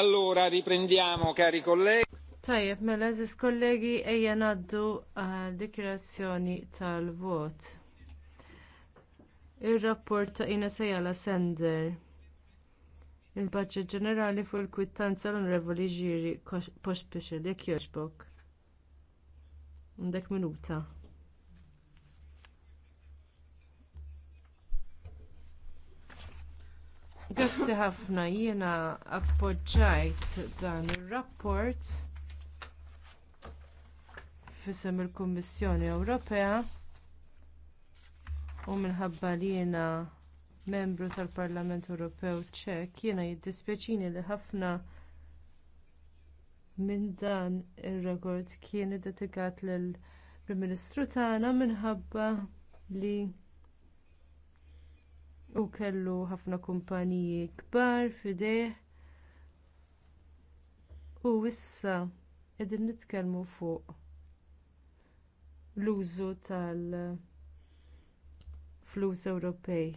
Allora riprendiamo, cari colleghi. Tajjeb, mela eżis kollegi ejja naddu għal tal-vot. Ir-rapport ta' Ina Sejala Sender. Il-Baġġet Ġenerali fuq il-kwittanza l-Onorevoli Ġiri Pospixel, jekk jogħġbok. Ndek minuta. Grazzi ħafna jiena appoġġajt dan ir-rapport fisem il-Kummissjoni Ewropea u minħabba li jiena membru tal-Parlament Ewropew ċek jiena jiddispjaċini li ħafna minn dan ir rapport kien dedikat lill prim Ministru tagħna minħabba li u kellu ħafna kumpaniji kbar f'idejh. u issa qegħdin nitkellmu fuq l-użu tal-flus Ewropej.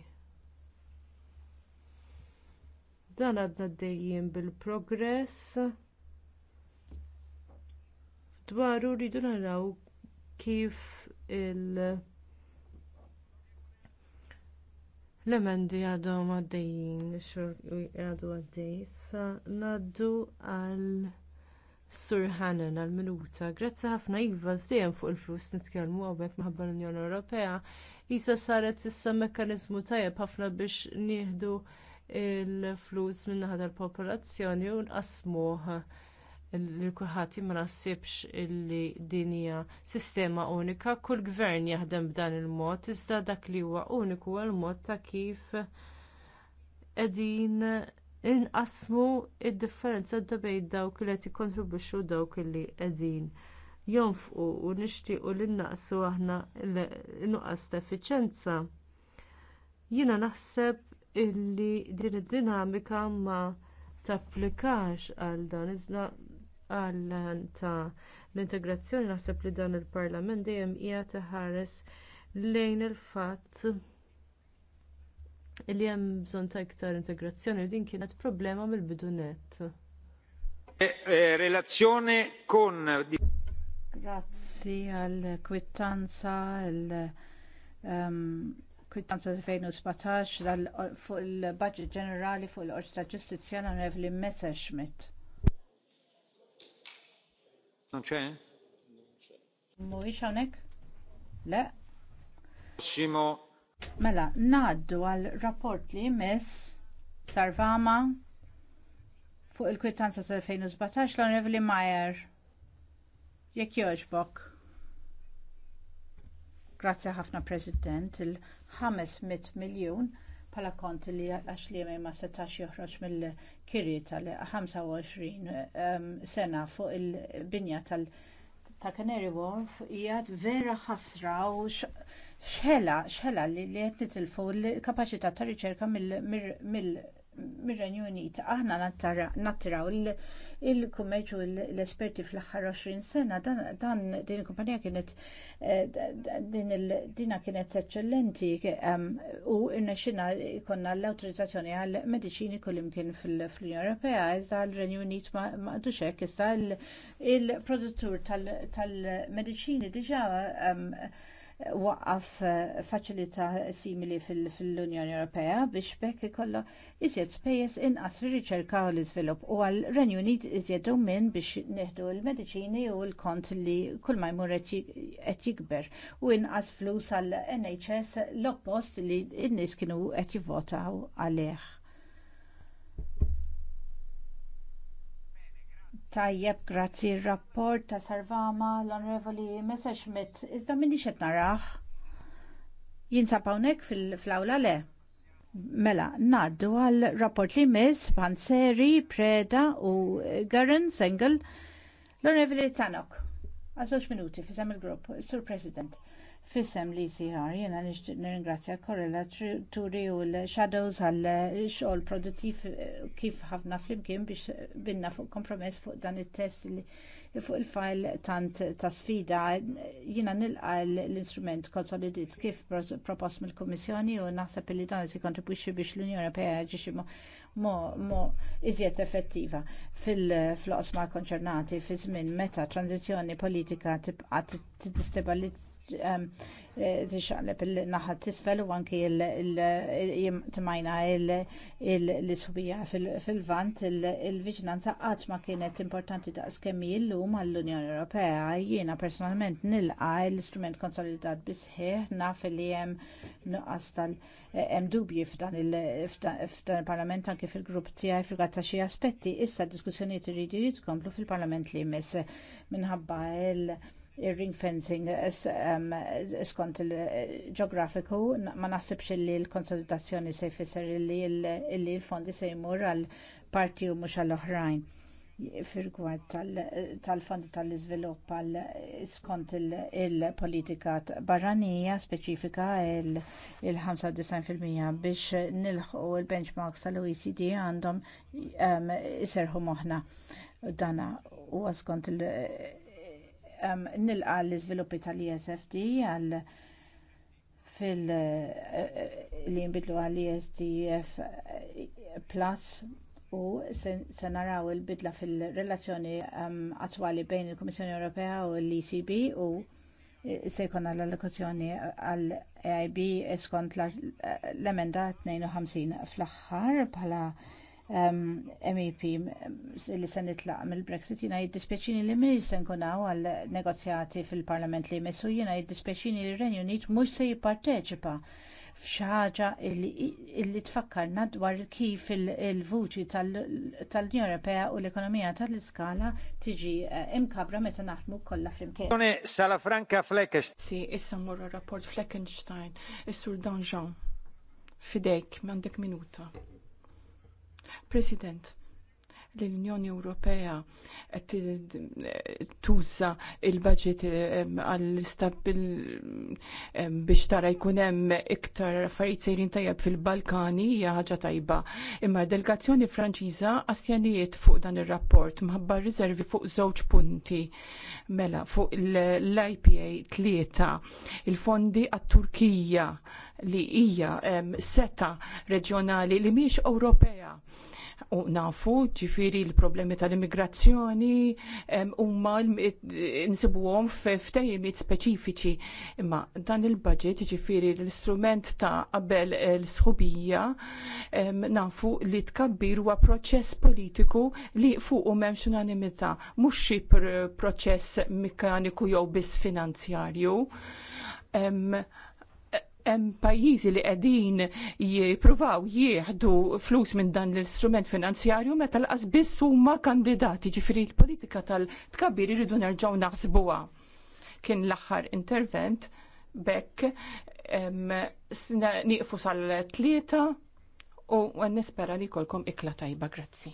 Dan għadna d bil-progress dwaru rridu naraw kif il- L-emendi għadhom għaddejjin, għadu għaddej, sa naddu għal Sur Hannan għal minuta. Grazzi ħafna Iva fdejjem fuq il-flus nitkellmu għawek maħabba l-Unjoni Ewropea. issa saret issa mekkaniżmu tajjeb ħafna biex nieħdu l flus min-naħa tal popolazzjoni u nqasmuh l-kulħadd ma naħsibx illi din hija sistema unika, kull gvern jaħdem b'dan il-mod, iżda dak li huwa uniku għal mod ta' kif qegħdin inqasmu d differenza da bejn dawk li qed jikkontribwixxu dawk li qegħdin jonfqu u nixtiequ li naqsu aħna nuqqas ta' effiċenza. Jiena naħseb illi din id-dinamika ma tapplikax għal dan iżda għal ta' l-integrazzjoni naħseb li dan il-Parlament dejjem qiegħed iħares lejn il-fatt li hemm bżonn ta' iktar integrazzjoni din kienet problema mill-bidu nett. Eh, eh, Relazzjoni kon Grazzi għal kwittanza l ehm, kwittanza 2017 fuq il-Budget Ġenerali fuq il-Qorti ġustizzjana Nevli l Messerschmidt. Non c'è? Mhuwiex hawnhekk? Le. Ximo. Mela, ngħaddu għal rapport li miss Sarvama fuq il-kwitanza tal-2017 l-Onorevoli Majer. Jekk jogħġbok. Grazzi ħafna President, il-500 miljun Pala kont li għax li ma setax joħroġ mill-kiri tal-25 sena fuq il-binja tal- ta' Canary Wharf hija vera ħasra u xħela xħela li qed nitilfu l-kapaċità ta' riċerka mill mir-Renju Unit. Aħna nattiraw il-kummerċu l-esperti fl-aħħar 20 sena dan din il-kumpanija kienet eh, din kienet eccellenti u n-naxina jkollna l-awtorizzazzjoni għal mediċini kullimkien fl-Unjoni Ewropea iżda l-Renju Unit ma hekk issa il-produttur tal medicini diġà waqqaf eh, faċilità simili fil-Unjoni Ewropea biex bekk ikollha iżjed spejjeż inqas fir-riċerka u l-iżvilupp u għal Renju Unit iżjed minn biex neħdu l-mediċini u l-kont li kull ma jmur qed jikber u inqas flus għall NHS l-oppost li n-nies kienu qed jivvotaw għalih. Tajjeb, grazzi il-rapport ta' Sarvama, l-Onorevoli Messerschmidt. Iżda minni xed naraħ? Jinsab hawnhekk fil-awla le? Mela, naddu għal rapport li mis, Panseri, Preda u Garen Sengel, l-Onorevoli Tanok. Għazoċ minuti, fizem il-grupp, Sur President. Fissem li siħar, jena nishtiq nirringrazzja korrela turi u l-shadows għal xogħol produttiv kif ħafna flimkien biex binna fuq kompromess fuq dan il test li fuq il-fajl tant ta' sfida jina nilqa l-instrument konsolidit kif propost mill-Kommissjoni u naħseb li dan si kontribwixxi biex l-Unjoni Ewropea ġixi mo iżjed effettiva fil-floqsma konċernati fi żmien meta tranzizzjoni politika tibqa' tiddistabilizza Um, eh, tixaqleb il-naħat tisfel u anki timajna il isħubija fil-vant il-viġnanza qatt ma kienet importanti skemmi l lum għall-Unjoni Ewropea. Jiena personalment nilqa l-istrument konsolidat bisħiħ naf li hemm nuqqas tal eh, hemm dubji f'dan il-Parlament anki fil-grupp tiegħi fil ta' xi aspetti issa d diskussjonijiet iridu jitkomplu fil-Parlament li jmiss minħabba il- ir-ring fencing skont il-ġeografiku ma naħsibx li l-konsolidazzjoni se jfisser li l-fondi se jmur għal parti u mhux għall oħrajn fil-gwad tal-fondi tal-iżvilupp għal skont il-politika barranija speċifika il-95% biex nilħu il-benchmarks tal-OECD għandhom iserħu moħħna dana u skont il- nilqa l-iżviluppi tal esfd għal fil eh, eh, li nbidlu għal esdf eh, plus u se naraw il-bidla fil-relazzjoni attwali bejn il-Kummissjoni Ewropea u l-ECB u se jkollna l allokazzjoni għall EIB skont l-emenda 52 fl-aħħar bħala MEP um, um, li se nitlaq mill-Brexit Jina jiddispjaċini li minn jisen nkun hawn għal negozjati fil-Parlament li jmessu jiena jiddispjaċini li r-Renju Unit mhux se jipparteċipa f'xi ħaġa illi tfakkarna dwar kif il-vuċi tal-Unjoni Ewropea u l-ekonomija tal-iskala tiġi eh, imkabra meta naħdmu kollha flimkien. Sala Franca Fleckenstein. Si, issa mmorru rapport Fleckenstein, is-Sur Danjean. Fidejk, m'għandek minuta. President l-Unjoni Ewropea tuża il-budget għall-istabil biex tara jkun hemm iktar affarijiet sejrin tajjeb fil-Balkani hija ħaġa tajba. Imma delegazzjoni Franċiża astjanijiet fuq dan ir-rapport mħabba riservi fuq żewġ punti mela fuq l-IPA tlieta il-fondi għat-Turkija li hija seta reġjonali li mhix Ewropea u nafu ġifiri l-problemi tal-immigrazzjoni huma nsibuhom f'ftejimiet speċifiċi. Imma dan il-budget ġifiri l-istrument ta' qabel l-sħubija nafu li tkabbir huwa proċess politiku li fuq m'hemmx unanimità, mhux xi proċess mekaniku jew biss finanzjarju hemm pajjiżi li qegħdin jippruvaw jieħdu flus minn dan l-istrument finanzjarju meta l biss huma kandidati ġifieri l-politika tal-tkabbir iridu nerġgħu naħsbuha. Kien l-aħħar intervent bekk niqfu sal-tlieta u nispera li kolkom ikla tajba, grazzi.